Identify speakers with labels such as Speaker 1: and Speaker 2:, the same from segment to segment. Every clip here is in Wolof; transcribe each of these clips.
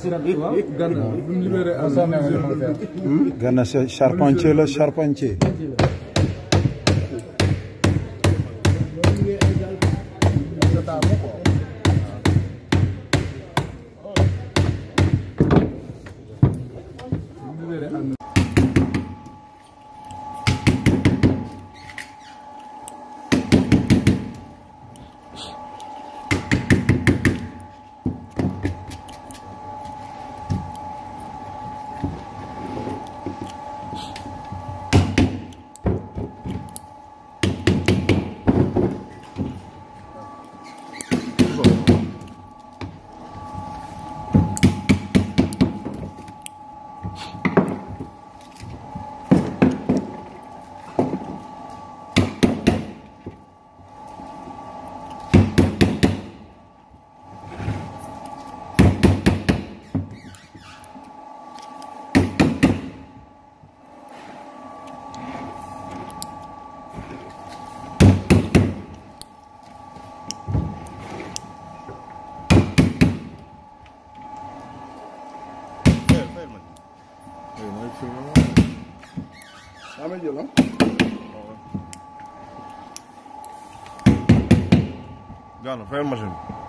Speaker 1: Sirat waaw Gana. Gana charpentier la charpentier. filming. Hey, am I filming? Dame el hielo. Gano, fai il macino.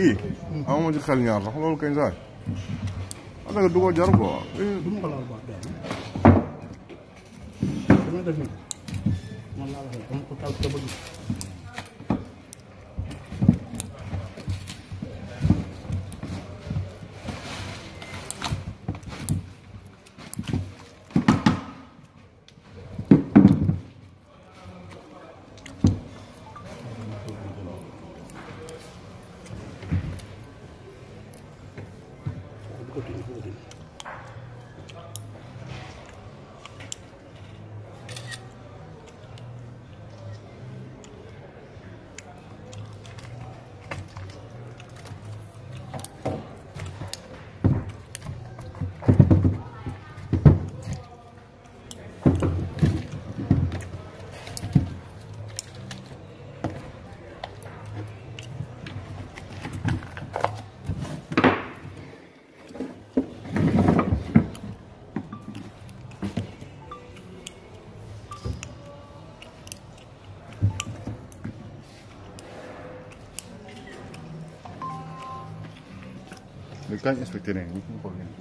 Speaker 1: kii. amuma ci xel ñaar sax loolu kañ saay. wax dëgg du ko jar quoi. du ma ko laal quoi. dama def nii man laa waxee am ko tal te bëgg. continue, continue. li kañ inspecteur yi ñu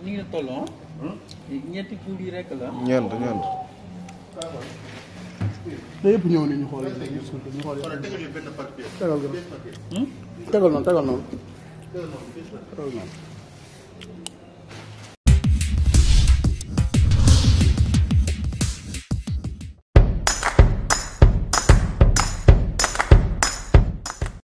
Speaker 1: ngi la tolloo. ñetti kuur yi rek la. ñeent ñeent. te yëpp ñëw nañu xool ñu xool ñu xool tegal noonu tegal noonu tegal noonu